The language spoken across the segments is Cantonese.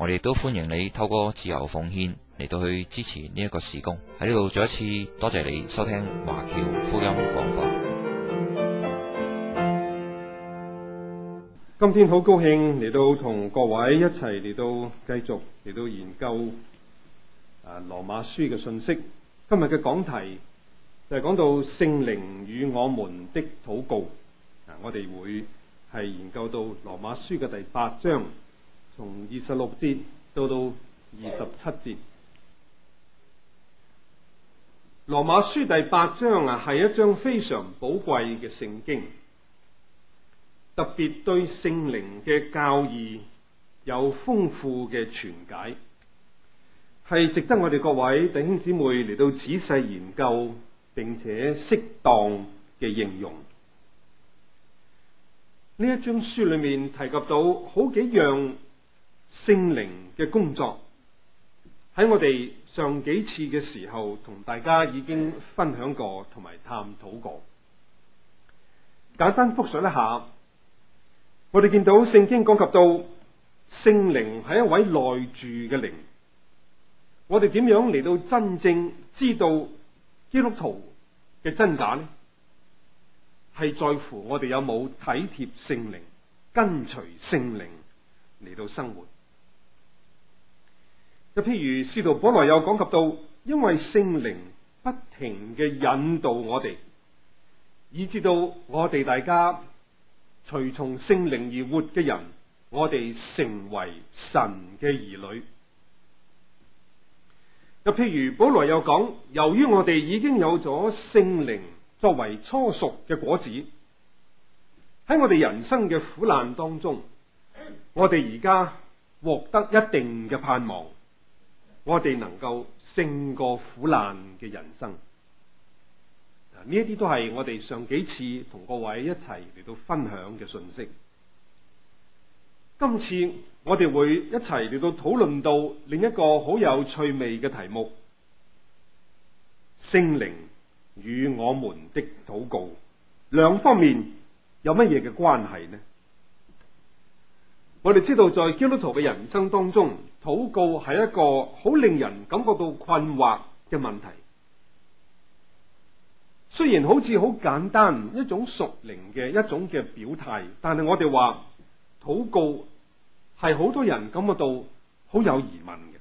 我哋都歡迎你透過自由奉獻嚟到去支持呢一個事工。喺呢度再一次多謝你收聽華僑福音廣播。法今天好高興嚟到同各位一齊嚟到繼續嚟到研究啊羅馬書嘅信息。今日嘅講題就係講到聖靈與我們的禱告。啊，我哋會係研究到羅馬書嘅第八章。從二十六節到到二十七節，《羅馬書》第八章啊，係一章非常寶貴嘅聖經，特別對聖靈嘅教義有豐富嘅傳解，係值得我哋各位弟兄姊妹嚟到仔細研究，並且適當嘅應用。呢一章書裏面提及到好幾樣。聖靈嘅工作喺我哋上幾次嘅時候同大家已經分享過同埋探討過，簡單複述一下，我哋見到聖經講及到聖靈係一位內住嘅靈，我哋點樣嚟到真正知道基督徒嘅真假呢？係在乎我哋有冇體貼聖靈，跟隨聖靈嚟到生活。就譬如，使徒保羅又講及到，因為聖靈不停嘅引導我哋，以至到我哋大家隨從聖靈而活嘅人，我哋成為神嘅兒女。就譬如保羅又講，由於我哋已經有咗聖靈作為初熟嘅果子，喺我哋人生嘅苦難當中，我哋而家獲得一定嘅盼望。我哋能夠勝過苦難嘅人生，啊，呢一啲都係我哋上幾次同各位一齊嚟到分享嘅信息。今次我哋會一齊嚟到討論到另一個好有趣味嘅題目：聖靈與我們的禱告，兩方面有乜嘢嘅關係呢？我哋知道在基督徒嘅人生當中。禱告係一個好令人感覺到困惑嘅問題，雖然好似好簡單，一種屬靈嘅一種嘅表態，但係我哋話禱告係好多人感覺到好有疑問嘅。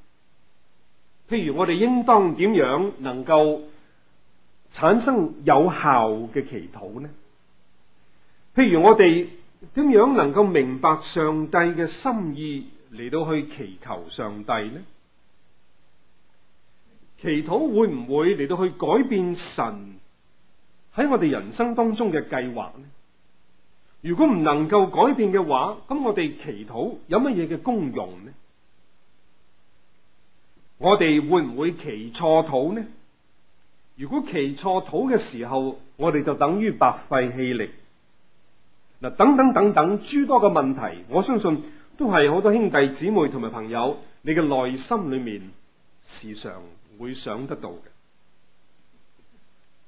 譬如我哋應當點樣能夠產生有效嘅祈禱呢？譬如我哋點樣能夠明白上帝嘅心意？嚟到去祈求上帝呢？祈禱會唔會嚟到去改變神喺我哋人生當中嘅計劃呢？如果唔能夠改變嘅話，咁我哋祈禱有乜嘢嘅功用呢？我哋會唔會祈錯禱呢？如果祈錯禱嘅時候，我哋就等於白費氣力。嗱，等等等等諸多嘅問題，我相信。都係好多兄弟姊妹同埋朋友，你嘅內心裏面時常會想得到嘅。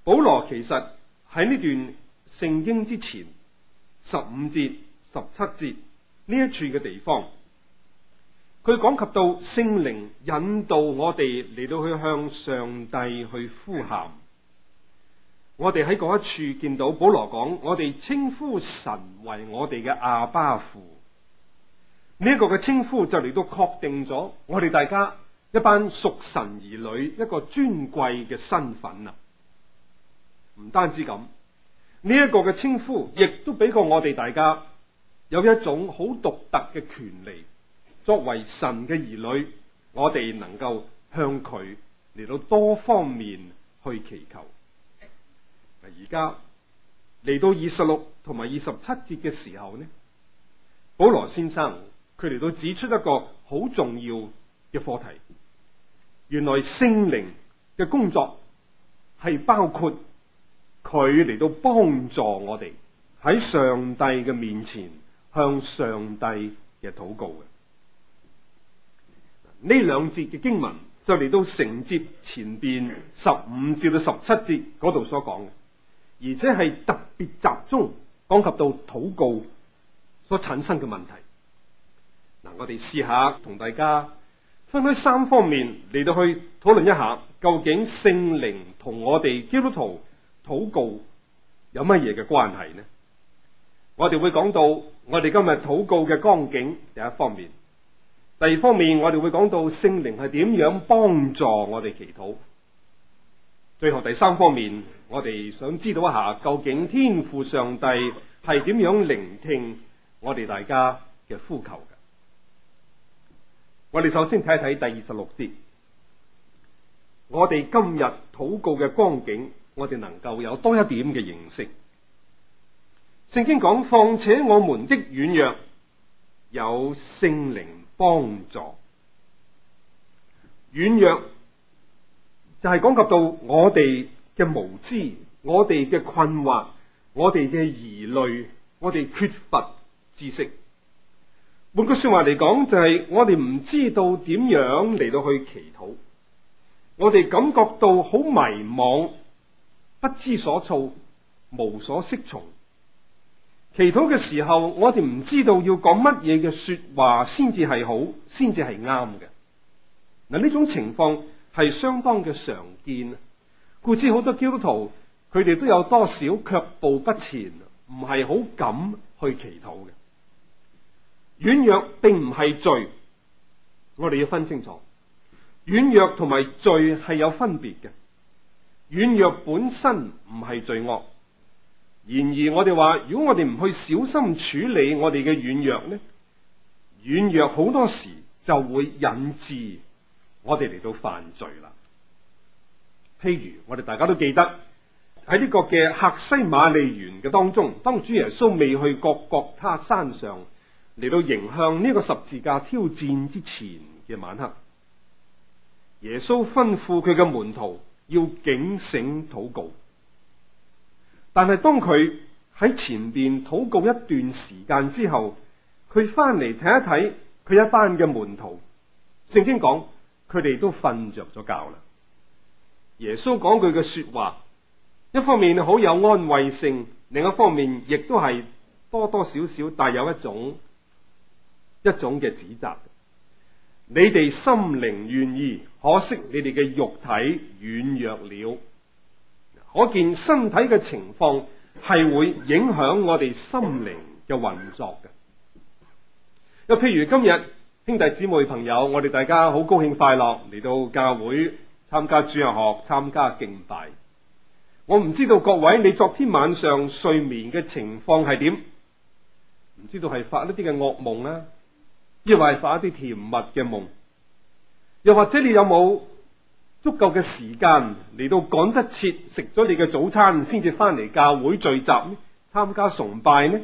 保羅其實喺呢段聖經之前十五節、十七節呢一處嘅地方，佢講及到聖靈引導我哋嚟到去向上帝去呼喊。我哋喺嗰一處見到保羅講，我哋稱呼神為我哋嘅阿爸父。呢一個嘅稱呼就嚟到確定咗我哋大家一班屬神兒女一個尊貴嘅身份啊！唔單止咁，呢一個嘅稱呼亦都俾過我哋大家有一種好獨特嘅權利，作為神嘅兒女，我哋能夠向佢嚟到多方面去祈求。而家嚟到二十六同埋二十七節嘅時候呢，保羅先生。佢嚟到指出一個好重要嘅課題，原來聖靈嘅工作係包括佢嚟到幫助我哋喺上帝嘅面前向上帝嘅禱告嘅。呢兩節嘅經文就嚟到承接前邊十五節到十七節度所講嘅，而且係特別集中講及到禱告所產生嘅問題。嗱，我哋試下同大家分開三方面嚟到去討論一下，究竟聖靈同我哋基督徒禱告有乜嘢嘅關係呢？我哋會講到我哋今日禱告嘅光景，有一方面；第二方面，我哋會講到聖靈係點樣幫助我哋祈禱。最後第三方面，我哋想知道一下，究竟天父上帝係點樣聆聽我哋大家嘅呼求？我哋首先睇一睇第二十六節，我哋今日禱告嘅光景，我哋能夠有多一點嘅認識。聖經講，況且我們的軟弱有聖靈幫助，軟弱就係、是、講及到我哋嘅無知、我哋嘅困惑、我哋嘅疑慮、我哋缺乏知識。換句話說話嚟講，就係、是、我哋唔知道點樣嚟到去祈禱，我哋感覺到好迷茫，不知所措，無所適從。祈禱嘅時候，我哋唔知道要講乜嘢嘅說話先至係好，先至係啱嘅。嗱，呢種情況係相當嘅常見，故知好多基督徒佢哋都有多少卻步不前，唔係好敢去祈禱嘅。軟弱並唔係罪，我哋要分清楚軟弱同埋罪係有分別嘅。軟弱本身唔係罪惡，然而我哋話，如果我哋唔去小心處理我哋嘅軟弱呢，軟弱好多時就會引致我哋嚟到犯罪啦。譬如我哋大家都記得喺呢個嘅客西馬尼園嘅當中，當主耶穌未去各各、各他山上。嚟到迎向呢個十字架挑戰之前嘅晚黑，耶穌吩咐佢嘅門徒要警醒禱告。但係當佢喺前邊禱告一段時間之後，佢翻嚟睇一睇佢一班嘅門徒，聖經講佢哋都瞓着咗覺啦。耶穌講佢嘅說話，一方面好有安慰性，另一方面亦都係多多少少帶有一種。一種嘅指責，你哋心靈願意，可惜你哋嘅肉體軟弱了，可見身體嘅情況係會影響我哋心靈嘅運作嘅。又譬如今日兄弟姊妹朋友，我哋大家好高興快樂嚟到教會參加主日學、參加敬拜。我唔知道各位你昨天晚上睡眠嘅情況係點，唔知道係發一啲嘅惡夢啦。亦或係發一啲甜蜜嘅夢，又或者你有冇足夠嘅時間嚟到趕得切食咗你嘅早餐，先至翻嚟教會聚集參加崇拜呢？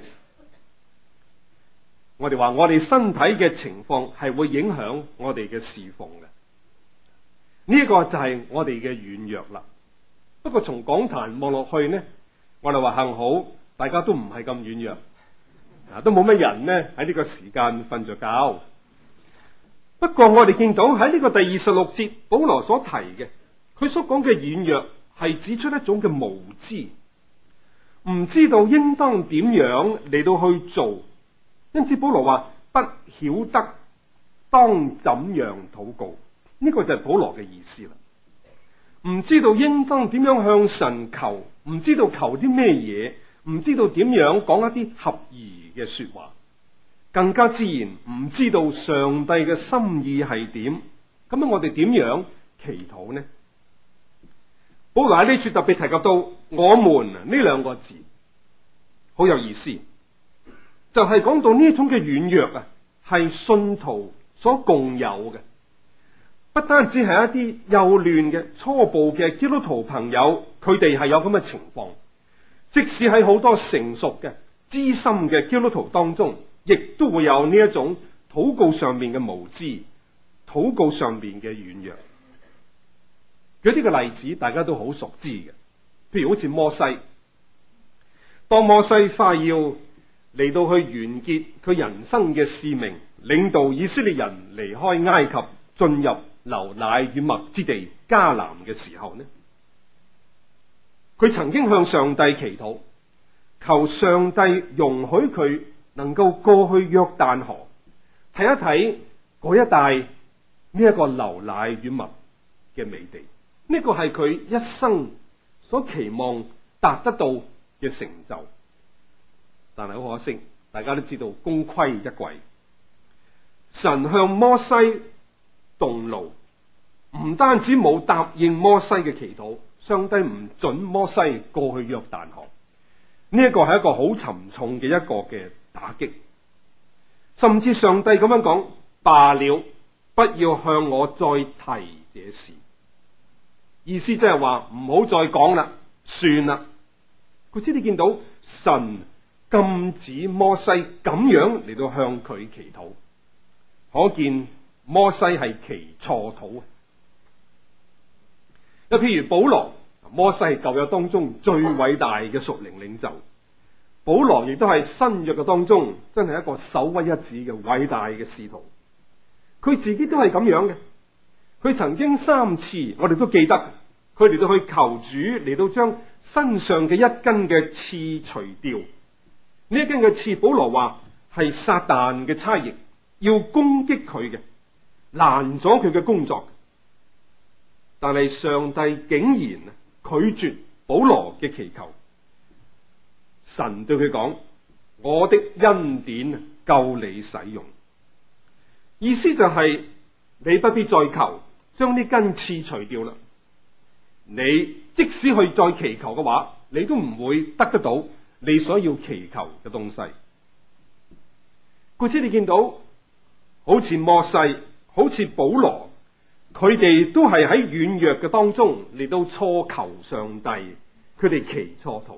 我哋話我哋身體嘅情況係會影響我哋嘅侍奉嘅，呢、這個就係我哋嘅軟弱啦。不過從講壇望落去呢，我哋話幸好大家都唔係咁軟弱。嗱，都冇乜人呢，喺呢個時間瞓着覺。不過我哋見到喺呢個第二十六節保羅所提嘅，佢所講嘅軟弱係指出一種嘅無知，唔知道應當點樣嚟到去做。因此保羅話不曉得當怎樣禱告，呢個就係保羅嘅意思啦。唔知道應當點樣向神求，唔知道求啲咩嘢。唔知道點樣講一啲合宜嘅說話，更加自然唔知道上帝嘅心意係點，咁樣我哋點樣祈禱呢？保羅喺呢處特別提及到我們呢兩個字，好有意思，就係、是、講到呢種嘅軟弱啊，係信徒所共有嘅，不單止係一啲幼嫩嘅初步嘅基督徒朋友，佢哋係有咁嘅情況。即使喺好多成熟嘅、資深嘅基督徒當中，亦都會有呢一種禱告上面嘅無知、禱告上面嘅軟弱。有啲嘅例子大家都好熟知嘅，譬如好似摩西，當摩西快要嚟到去完結佢人生嘅使命，領導以色列人離開埃及，進入流奶與蜜之地迦南嘅時候呢，佢曾經向上帝祈禱，求上帝容許佢能夠過去約旦河，睇一睇嗰一帶呢一個流奶與蜜嘅美地。呢、這個係佢一生所期望達得到嘅成就，但係好可惜，大家都知道功虧一簣。神向摩西動怒，唔單止冇答應摩西嘅祈禱。上帝唔准摩西過去約旦河，呢一個係一個好沉重嘅一個嘅打擊，甚至上帝咁樣講，罷了，不要向我再提這事，意思即係話唔好再講啦，算啦。佢知你見到神禁止摩西咁樣嚟到向佢祈禱，可見摩西係祈錯禱。咁譬如保羅、摩西，舊約當中最偉大嘅屬靈領袖，保羅亦都係新約嘅當中真係一個首屈一指嘅偉大嘅使徒。佢自己都係咁樣嘅，佢曾經三次，我哋都記得，佢嚟到去求主嚟到將身上嘅一根嘅刺除掉。呢一根嘅刺，保羅話係撒旦嘅差役要攻擊佢嘅，攔阻佢嘅工作。但係上帝竟然拒絕保羅嘅祈求，神對佢講：我的恩典夠你使用。意思就係、是、你不必再求，將啲根刺除掉啦。你即使去再祈求嘅話，你都唔會得，得到你所要祈求嘅東西。故此，你見到好似摩西，好似保羅。佢哋都係喺軟弱嘅當中嚟到初求上帝，佢哋祈錯禱，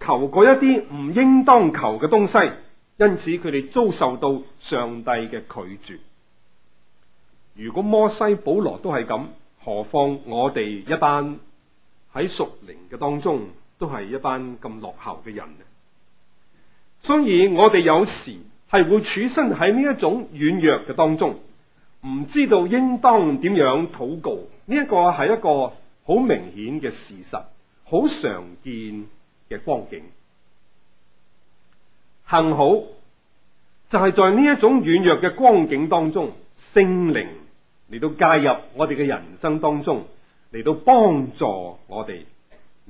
求過一啲唔應當求嘅東西，因此佢哋遭受到上帝嘅拒絕。如果摩西、保羅都係咁，何況我哋一班喺屬靈嘅當中，都係一班咁落後嘅人呢？所以，我哋有時係會處身喺呢一種軟弱嘅當中。唔知道應當點樣禱告，呢、這個、一個係一個好明顯嘅事實，好常見嘅光景。幸好就係、是、在呢一種軟弱嘅光景當中，聖靈嚟到介入我哋嘅人生當中，嚟到幫助我哋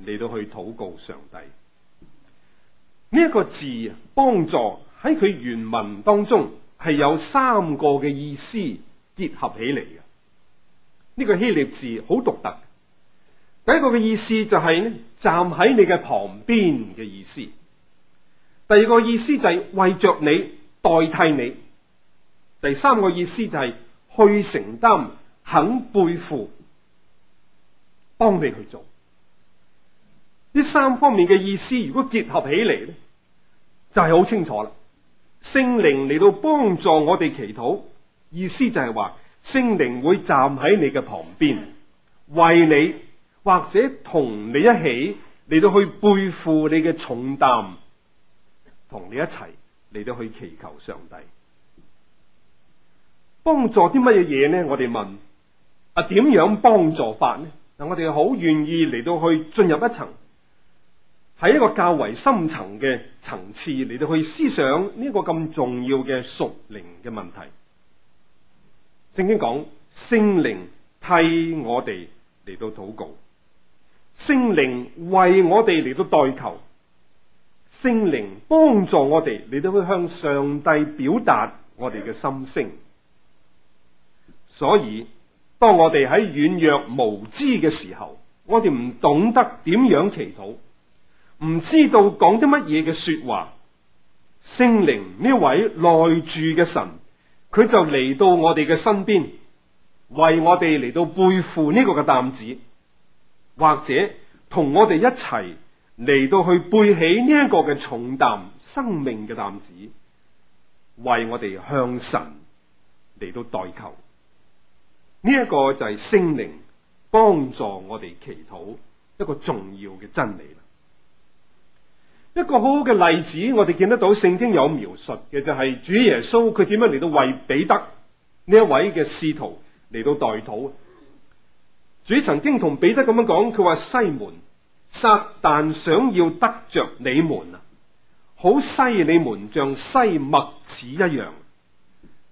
嚟到去禱告上帝。呢、這、一個字幫助喺佢原文當中係有三個嘅意思。結合起嚟，嘅呢個希臘字好獨特。第一個嘅意思就係站喺你嘅旁邊嘅意思；第二個意思就係、是、為着你，代替你；第三個意思就係、是、去承擔、肯背負、幫你去做。呢三方面嘅意思，如果結合起嚟咧，就係、是、好清楚啦。聖靈嚟到幫助我哋祈禱。意思就係話，聖靈會站喺你嘅旁邊，為你或者同你一起嚟到去背負你嘅重擔，同你一齊嚟到去祈求上帝，幫助啲乜嘢嘢咧？我哋問啊，點樣幫助法咧？嗱，我哋好願意嚟到去進入一層，喺一個較為深層嘅層次嚟到去思想呢個咁重要嘅屬靈嘅問題。聖經講聖靈替我哋嚟到禱告，聖靈為我哋嚟到代求，聖靈幫助我哋，你都會向上帝表達我哋嘅心聲。所以當我哋喺軟弱無知嘅時候，我哋唔懂得點樣祈禱，唔知道講啲乜嘢嘅說話，聖靈呢位內住嘅神。佢就嚟到我哋嘅身邊，為我哋嚟到背負呢個嘅擔子，或者同我哋一齊嚟到去背起呢一個嘅重擔、生命嘅擔子，為我哋向神嚟到代求。呢一個就係聖靈幫助我哋祈禱一個重要嘅真理。一個好好嘅例子，我哋見得到聖經有描述嘅就係、是、主耶穌佢點樣嚟到為彼得呢一位嘅使徒嚟到代禱。主曾經同彼得咁樣講，佢話，西門，撒旦想要得着你們啊，好篩你們像篩麥子一樣，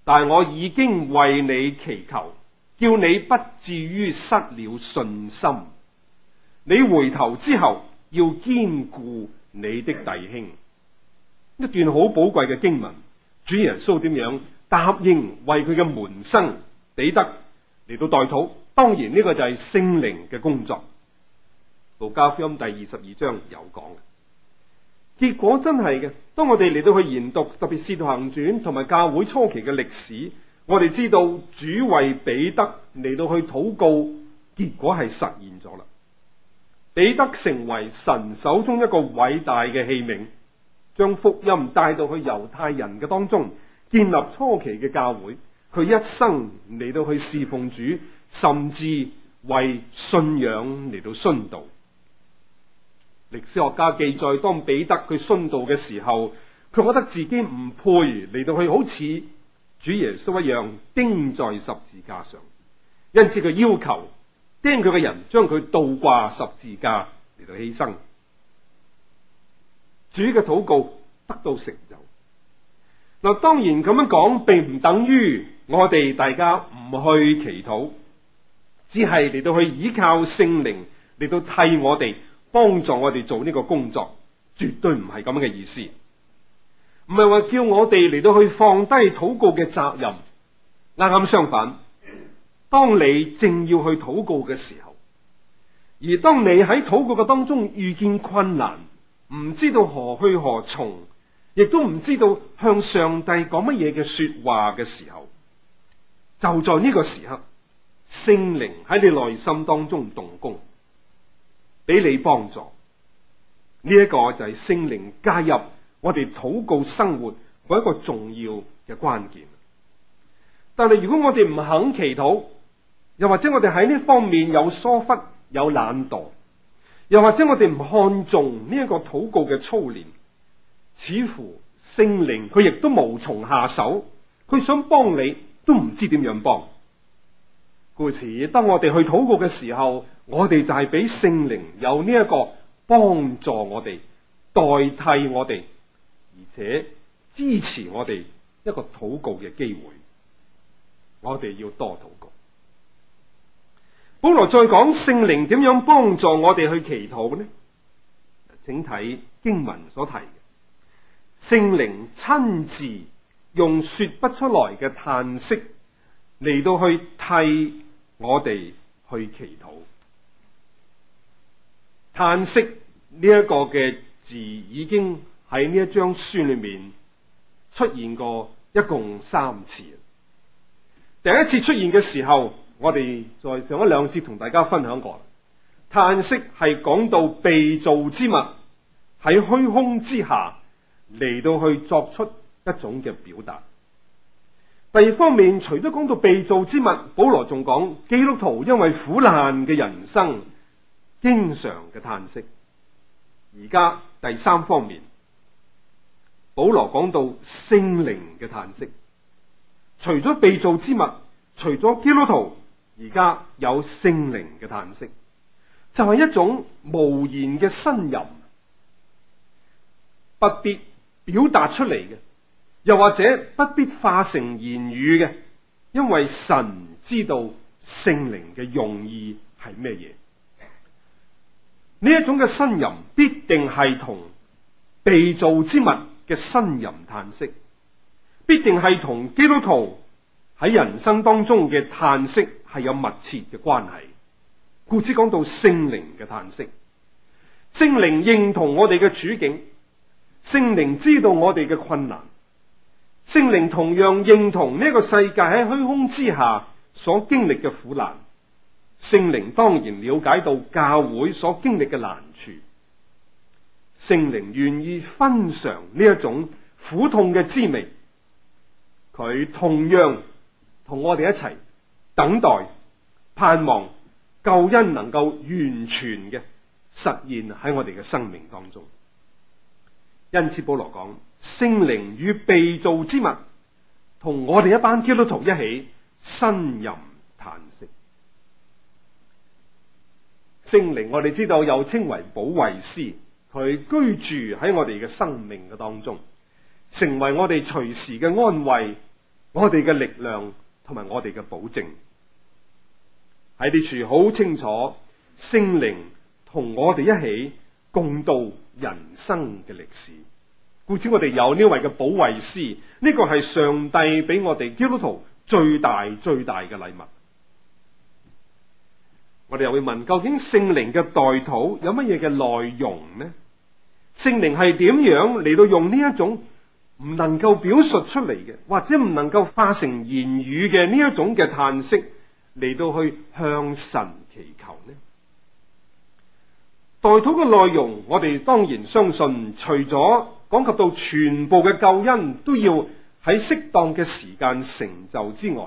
但我已經為你祈求，叫你不至於失了信心。你回頭之後要堅固你的弟兄，一段好寶貴嘅經文，主耶穌點樣答應為佢嘅門生彼得嚟到代禱？當然呢個就係聖靈嘅工作。路加福音第二十二章有講嘅，結果真係嘅。當我哋嚟到去研讀，特別使徒行傳同埋教會初期嘅歷史，我哋知道主為彼得嚟到去禱告，結果係實現咗啦。彼得成為神手中一個偉大嘅器皿，將福音帶到去猶太人嘅當中，建立初期嘅教會。佢一生嚟到去侍奉主，甚至為信仰嚟到殉道。歷史學家記載，當彼得佢殉道嘅時候，佢覺得自己唔配嚟到去，好似主耶穌一樣釘在十字架上，因此佢要求。釘佢嘅人將佢倒掛十字架嚟到犧牲，主嘅禱告得到成就。嗱，當然咁樣講並唔等於我哋大家唔去祈禱，只係嚟到去依靠聖靈嚟到替我哋幫助我哋做呢個工作，絕對唔係咁樣嘅意思。唔係話叫我哋嚟到去放低禱告嘅責任，啱啱相反。當你正要去禱告嘅時候，而當你喺禱告嘅當中遇見困難，唔知道何去何從，亦都唔知道向上帝講乜嘢嘅說話嘅時候，就在呢個時刻，聖靈喺你內心當中動工，俾你幫助。呢一個就係聖靈介入我哋禱告生活一個重要嘅關鍵。但係如果我哋唔肯祈禱，又或者我哋喺呢方面有疏忽、有懶惰，又或者我哋唔看重呢一個禱告嘅操練，似乎聖靈佢亦都無從下手，佢想幫你都唔知點樣幫。故此，當我哋去禱告嘅時候，我哋就係俾聖靈有呢一個幫助我哋、代替我哋，而且支持我哋一個禱告嘅機會，我哋要多禱告。保羅再講聖靈點樣幫助我哋去祈禱呢？請睇經文所提，聖靈親自用說不出來嘅嘆息嚟到去替我哋去祈禱。嘆息呢一個嘅字已經喺呢一章書裏面出現過一共三次。第一次出現嘅時候。我哋在上一兩節同大家分享過，嘆息係講到被造之物喺虛空之下嚟到去作出一種嘅表達。第二方面，除咗講到被造之物，保羅仲講基督徒因為苦難嘅人生，經常嘅嘆息。而家第三方面，保羅講到聖靈嘅嘆息，除咗被造之物，除咗基督徒。而家有聖靈嘅嘆息，就係一種無言嘅呻吟，不必表達出嚟嘅，又或者不必化成言語嘅，因為神知道聖靈嘅用意係咩嘢。呢一種嘅呻吟必定係同被造之物嘅呻吟嘆息，必定係同基督徒。喺人生當中嘅嘆息係有密切嘅關係，故此講到聖靈嘅嘆息，聖靈認同我哋嘅處境，聖靈知道我哋嘅困難，聖靈同樣認同呢個世界喺虛空之下所經歷嘅苦難，聖靈當然了解到教會所經歷嘅難處，聖靈願意分享呢一種苦痛嘅滋味，佢同樣。同我哋一齊等待、盼望救恩能夠完全嘅實現喺我哋嘅生命當中。因此保羅，保羅講：聖靈與被造之物，同我哋一班基督徒一起呻吟嘆息。聖靈，聖靈我哋知道又稱為保惠師，佢居住喺我哋嘅生命嘅當中，成為我哋隨時嘅安慰，我哋嘅力量。同埋我哋嘅保證，喺呢處好清楚，聖靈同我哋一起共度人生嘅歷史，故此我哋有呢位嘅保惠師，呢、呢個係上帝俾我哋基督徒最大最大嘅禮物。我哋又會問，究竟聖靈嘅代禱有乜嘢嘅內容呢？聖靈係點樣嚟到用呢一種？唔能夠表述出嚟嘅，或者唔能夠化成言語嘅呢一種嘅嘆息，嚟到去向神祈求呢？代禱嘅內容，我哋當然相信，除咗講及到全部嘅救恩都要喺適當嘅時間成就之外，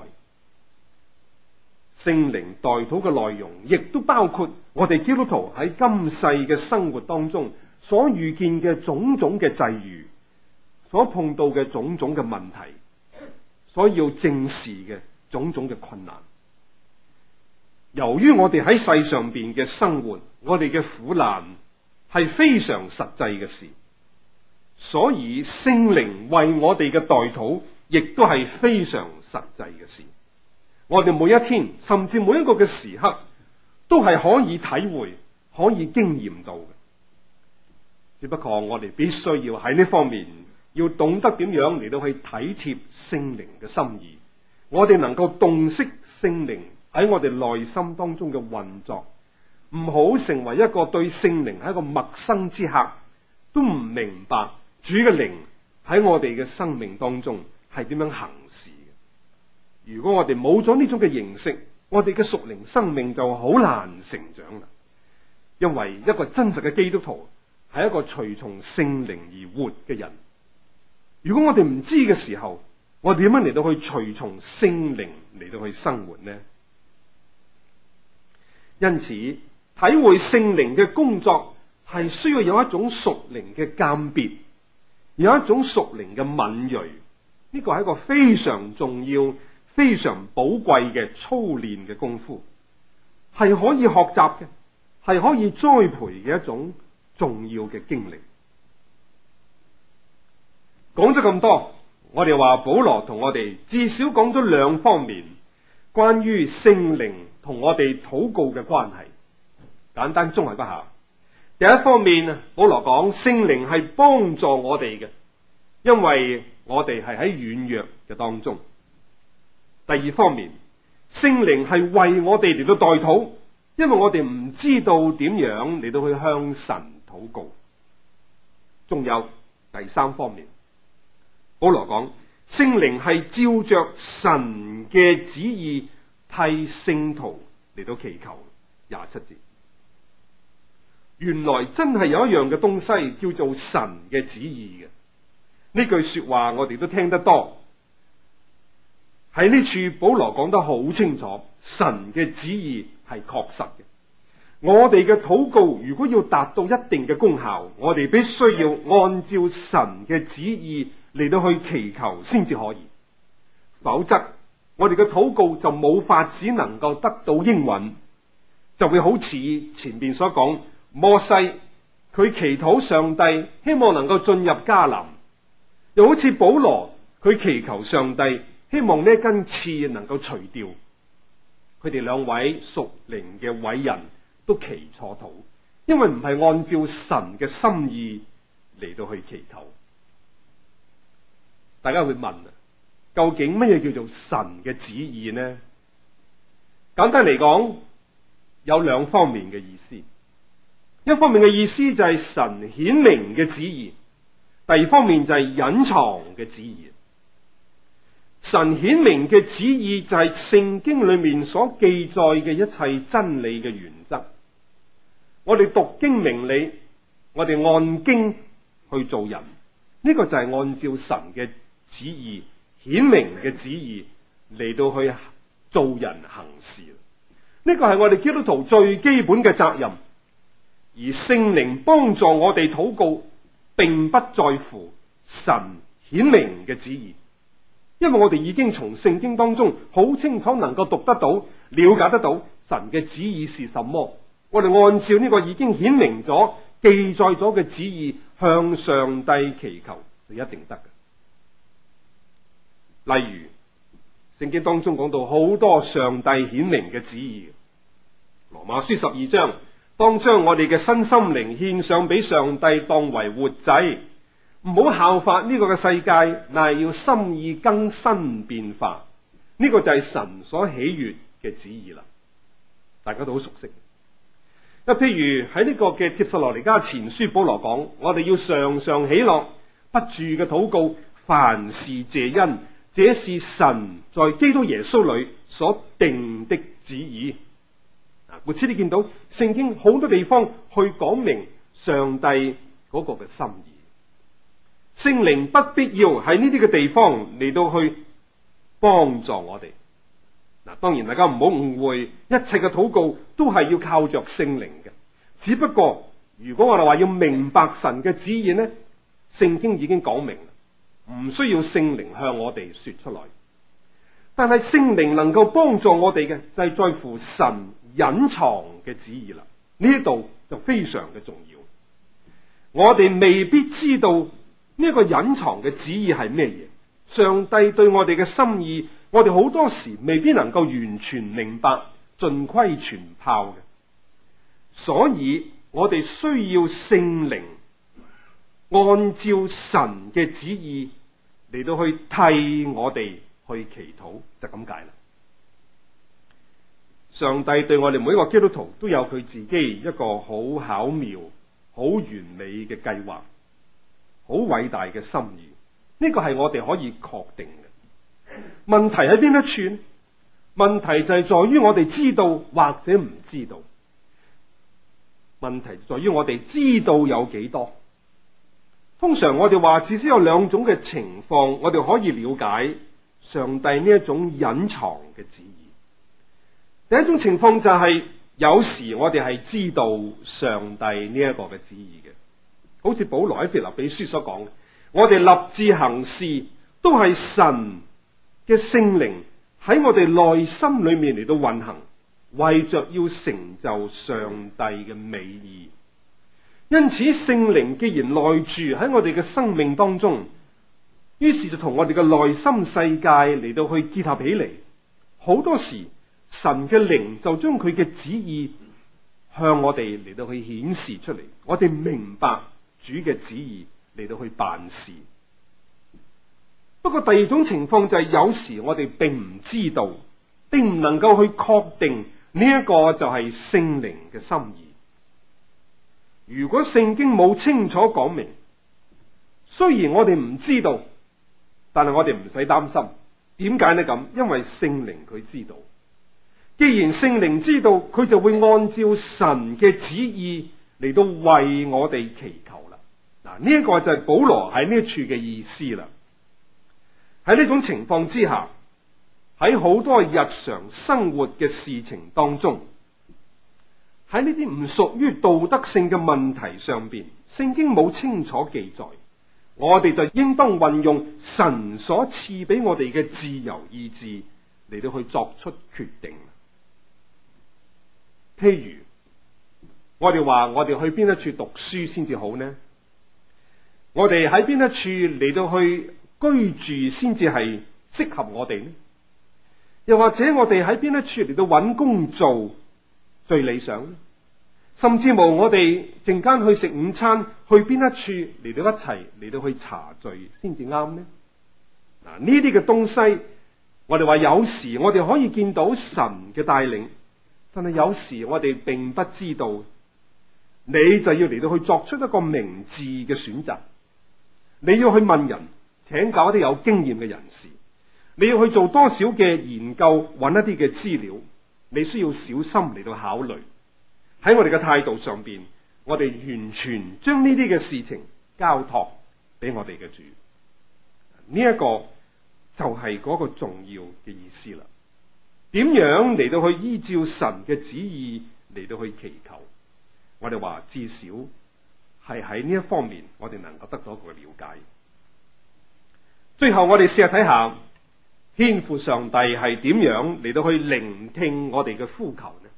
聖靈代禱嘅內容，亦都包括我哋基督徒喺今世嘅生活當中所遇見嘅種種嘅際遇。所碰到嘅種種嘅問題，所要正視嘅種種嘅困難，由於我哋喺世上邊嘅生活，我哋嘅苦難係非常實際嘅事，所以聖靈為我哋嘅代禱，亦都係非常實際嘅事。我哋每一天，甚至每一個嘅時刻，都係可以體會、可以經驗到嘅。只不過我哋必須要喺呢方面。要懂得點樣嚟到去體貼聖靈嘅心意，我哋能夠洞悉聖靈喺我哋內心當中嘅運作，唔好成為一個對聖靈係一個陌生之客，都唔明白主嘅靈喺我哋嘅生命當中係點樣行事。如果我哋冇咗呢種嘅形式，我哋嘅屬靈生命就好難成長啦。因為一個真實嘅基督徒係一個隨從聖靈而活嘅人。如果我哋唔知嘅時候，我點樣嚟到去隨從聖靈嚟到去生活呢？因此，體會聖靈嘅工作係需要有一種屬靈嘅鑒別，有一種屬靈嘅敏銳，呢個係一個非常重要、非常寶貴嘅操練嘅功夫，係可以學習嘅，係可以栽培嘅一種重要嘅經歷。講咗咁多，我哋話保羅同我哋至少講咗兩方面關於聖靈同我哋禱告嘅關係，簡單綜合一下。第一方面，保羅講聖靈係幫助我哋嘅，因為我哋係喺軟弱嘅當中。第二方面，聖靈係為我哋嚟到代禱，因為我哋唔知道點樣嚟到去向神禱告。仲有第三方面。保羅講，聖靈係照着神嘅旨意替聖徒嚟到祈求廿七節。原來真係有一樣嘅東西叫做神嘅旨意嘅。呢句說話，我哋都聽得多。喺呢處，保羅講得好清楚，神嘅旨意係確實嘅。我哋嘅禱告如果要達到一定嘅功效，我哋必須要按照神嘅旨意。嚟到去祈求先至可以，否則我哋嘅禱告就冇法子能夠得到應允，就會好似前邊所講，摩西佢祈禱上帝希望能夠進入迦南，又好似保羅佢祈求上帝希望呢根刺能夠除掉，佢哋兩位屬靈嘅偉人都祈錯禱，因為唔係按照神嘅心意嚟到去祈求。大家會問啊，究竟乜嘢叫做神嘅旨意呢？簡單嚟講，有兩方面嘅意思。一方面嘅意思就係神顯明嘅旨意，第二方面就係隱藏嘅旨意。神顯明嘅旨意就係聖經裏面所記載嘅一切真理嘅原則。我哋讀經明理，我哋按經去做人，呢、這個就係按照神嘅。旨意顯明嘅旨意嚟到去做人行事，呢個係我哋基督徒最基本嘅責任。而聖靈幫助我哋禱告，並不在乎神顯明嘅旨意，因為我哋已經從聖經當中好清楚能夠讀得到、了解得到神嘅旨意是什麼。我哋按照呢個已經顯明咗、記載咗嘅旨意向上帝祈求，就一定得。例如，聖經當中講到好多上帝顯明嘅旨意，《羅馬書》十二章，當將我哋嘅新心靈獻上俾上帝，當為活祭。唔好效法呢個嘅世界，但係要心意更新變化。呢、呢個就係神所喜悅嘅旨意啦。大家都好熟悉。那譬如喺呢個嘅帖撒羅尼迦前書，保羅講：我哋要常常喜樂，不住嘅禱告，凡事謝恩。這是神在基督耶穌裏所定的旨意。啊，每次你見到聖經好多地方去講明上帝嗰個嘅心意，聖靈不必要喺呢啲嘅地方嚟到去幫助我哋。嗱，當然大家唔好誤會，一切嘅禱告都係要靠着聖靈嘅。只不過如果我哋話要明白神嘅旨意咧，聖經已經講明。唔需要聖靈向我哋說出來，但係聖靈能夠幫助我哋嘅就係、是、在乎神隱藏嘅旨意啦。呢度就非常嘅重要，我哋未必知道呢個隱藏嘅旨意係咩嘢。上帝對我哋嘅心意，我哋好多時未必能夠完全明白，盡窺全豹嘅。所以我哋需要聖靈。按照神嘅旨意嚟到去替我哋去祈禱，就咁、是、解啦。上帝對我哋每一個基督徒都有佢自己一個好巧妙、好完美嘅計劃，好偉大嘅心意。呢、這個係我哋可以確定嘅。問題喺邊一處？問題就係在於我哋知道或者唔知道。問題就在於我哋知道有幾多？通常我哋話至少有兩種嘅情況，我哋可以了解上帝呢一種隱藏嘅旨意。第一種情況就係有時我哋係知道上帝呢一個嘅旨意嘅，好似保羅喺腓立比書所講，我哋立志行事都係神嘅聖靈喺我哋內心裏面嚟到運行，為着要成就上帝嘅美意。因此，聖靈既然內住喺我哋嘅生命當中，於是就同我哋嘅內心世界嚟到去結合起嚟。好多時，神嘅靈就將佢嘅旨意向我哋嚟到去顯示出嚟，我哋明白主嘅旨意嚟到去辦事。不過第二種情況就係、是、有時我哋並唔知道，並唔能夠去確定呢一、這個就係聖靈嘅心意。如果聖經冇清楚講明，雖然我哋唔知道，但係我哋唔使擔心。點解呢？咁，因為聖靈佢知道，既然聖靈知道，佢就會按照神嘅旨意嚟到為我哋祈求啦。嗱，呢一個就係保羅喺呢處嘅意思啦。喺呢種情況之下，喺好多日常生活嘅事情當中。喺呢啲唔屬於道德性嘅問題上邊，聖經冇清楚記載，我哋就應當運用神所賜俾我哋嘅自由意志嚟到去作出決定。譬如，我哋話我哋去邊一處讀書先至好呢？我哋喺邊一處嚟到去居住先至係適合我哋呢？又或者我哋喺邊一處嚟到搵工做？最理想，甚至無我哋陣間去食午餐，去邊一處嚟到一齊嚟到去茶聚先至啱呢？嗱，呢啲嘅東西，我哋話有時我哋可以見到神嘅帶領，但係有時我哋並不知道。你就要嚟到去作出一個明智嘅選擇，你要去問人，請教一啲有經驗嘅人士，你要去做多少嘅研究，揾一啲嘅資料。你需要小心嚟到考慮，喺我哋嘅態度上邊，我哋完全將呢啲嘅事情交託俾我哋嘅主，呢一個就係嗰一個重要嘅意思啦。點樣嚟到去依照神嘅旨意嚟到去祈求？我哋話至少係喺呢一方面，我哋能夠得到一個了解。最後我哋試下睇下。天父上帝係點樣嚟到去聆聽我哋嘅呼求呢？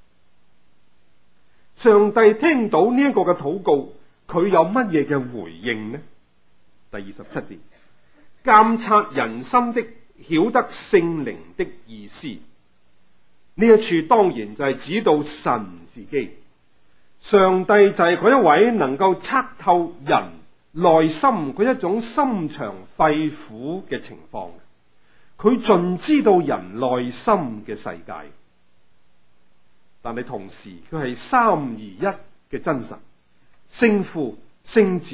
上帝聽到呢一個嘅禱告，佢有乜嘢嘅回應呢？第二十七節，監察人心的曉得聖靈的意思。呢一處當然就係指到神自己，上帝就係嗰一位能夠測透人內心佢一種心腸肺腑嘅情況。佢盡知道人內心嘅世界，但係同時佢係三而一嘅真實，聖父、聖子、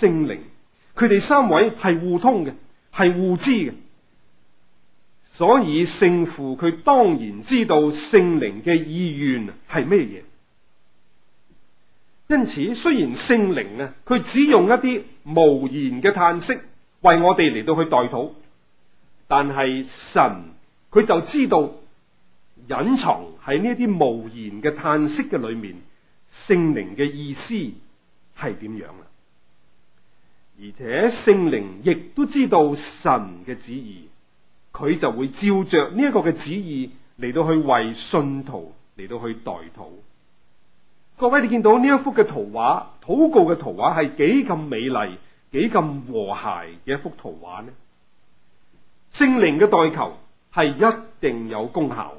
聖靈，佢哋三位係互通嘅，係互知嘅。所以聖父佢當然知道聖靈嘅意願係咩嘢。因此雖然聖靈啊，佢只用一啲無言嘅嘆息為我哋嚟到去代禱。但係神佢就知道隱藏喺呢啲無言嘅嘆息嘅裏面。聖靈嘅意思係點樣啦，而且聖靈亦都知道神嘅旨意，佢就會照着呢一個嘅旨意嚟到去為信徒嚟到去代禱。各位，你見到呢一幅嘅圖畫，禱告嘅圖畫係幾咁美麗幾咁和諧嘅一幅圖畫呢？聖靈嘅代求係一定有功效，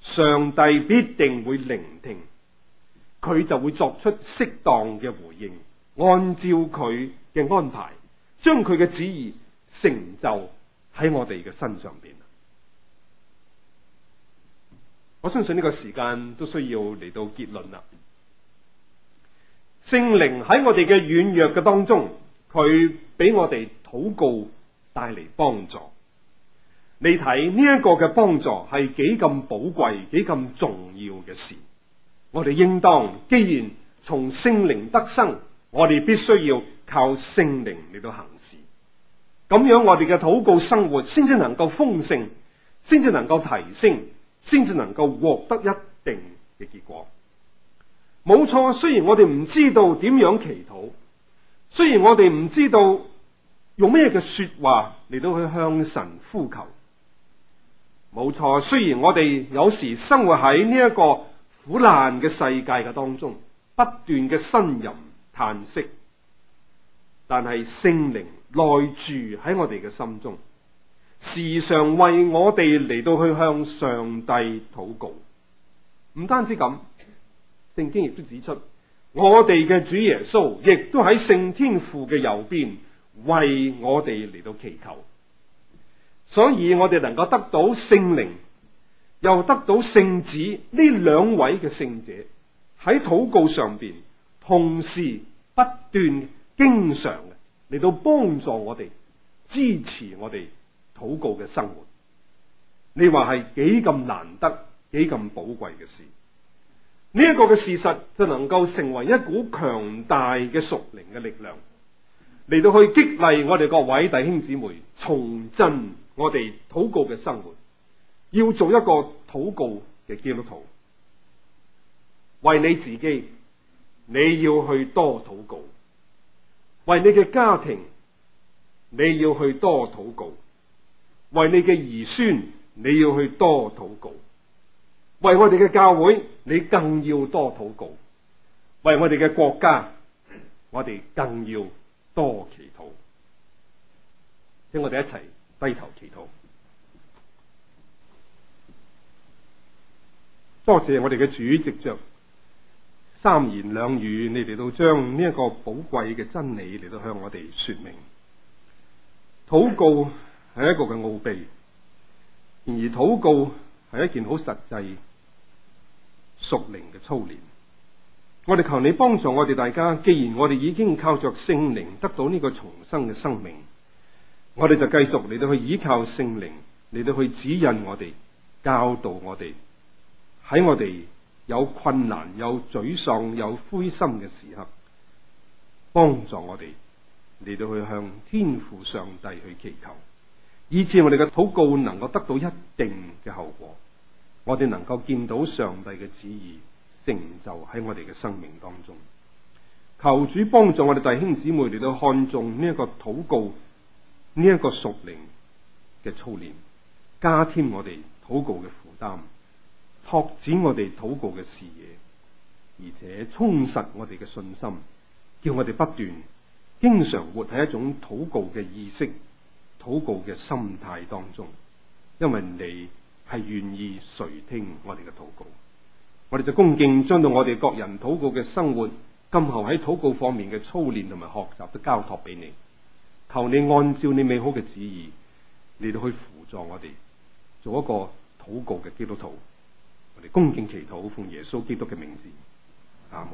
上帝必定會聆聽，佢就會作出適當嘅回應，按照佢嘅安排，將佢嘅旨意成就喺我哋嘅身上邊。我相信呢個時間都需要嚟到結論啦。聖靈喺我哋嘅軟弱嘅當中，佢俾我哋禱告帶嚟幫助。你睇呢一個嘅幫助係幾咁寶貴、幾咁重要嘅事，我哋應當既然從聖靈得生，我哋必須要靠聖靈嚟到行事，咁樣我哋嘅禱告生活先至能夠豐盛，先至能夠提升，先至能夠獲得一定嘅結果。冇錯，雖然我哋唔知道點樣祈禱，雖然我哋唔知道用咩嘅說話嚟到去向神呼求。冇錯，雖然我哋有時生活喺呢一個苦難嘅世界嘅當中，不斷嘅呻吟嘆息，但係聖靈內住喺我哋嘅心中，時常為我哋嚟到去向上帝禱告。唔單止咁，聖經亦都指出，我哋嘅主耶穌亦都喺聖天父嘅右邊，為我哋嚟到祈求。所以我哋能夠得到聖靈，又得到聖子呢兩位嘅聖者喺禱告上面，同時不斷經常嚟到幫助我哋，支持我哋禱告嘅生活。你話係幾咁難得，幾咁寶貴嘅事？呢、這、一個嘅事實就能夠成為一股強大嘅屬靈嘅力量，嚟到去激勵我哋各位弟兄姊妹重振。我哋禱告嘅生活，要做一個禱告嘅基督徒。為你自己，你要去多禱告；為你嘅家庭，你要去多禱告；為你嘅兒孫，你要去多禱告；為我哋嘅教會，你更要多禱告；為我哋嘅國家，我哋更要多祈禱。請我哋一齊。低頭祈禱，多謝我哋嘅主席，將三言兩語，你哋都將呢一個寶貴嘅真理嚟到向我哋說明。禱告係一個嘅奧秘，然而禱告係一件好實際、屬靈嘅操練。我哋求你幫助我哋大家，既然我哋已經靠着聖靈得到呢個重生嘅生命。我哋就繼續嚟到去依靠聖靈，嚟到去指引我哋、教導我哋，喺我哋有困難、有沮喪、有灰心嘅時刻，幫助我哋嚟到去向天父上帝去祈求，以致我哋嘅禱告能夠得到一定嘅後果，我哋能夠見到上帝嘅旨意成就喺我哋嘅生命當中。求主幫助我哋弟兄姊妹嚟到看重呢一個禱告。呢一個屬靈嘅操練，加添我哋禱告嘅負擔，拓展我哋禱告嘅視野，而且充實我哋嘅信心，叫我哋不斷、經常活喺一種禱告嘅意識、禱告嘅心態當中。因為你係願意垂聽我哋嘅禱告，我哋就恭敬將到我哋各人禱告嘅生活，今後喺禱告方面嘅操練同埋學習，都交託俾你。求你按照你美好嘅旨意，嚟到去扶助我哋，做一個禱告嘅基督徒，我哋恭敬祈禱奉耶穌基督嘅名字，阿門。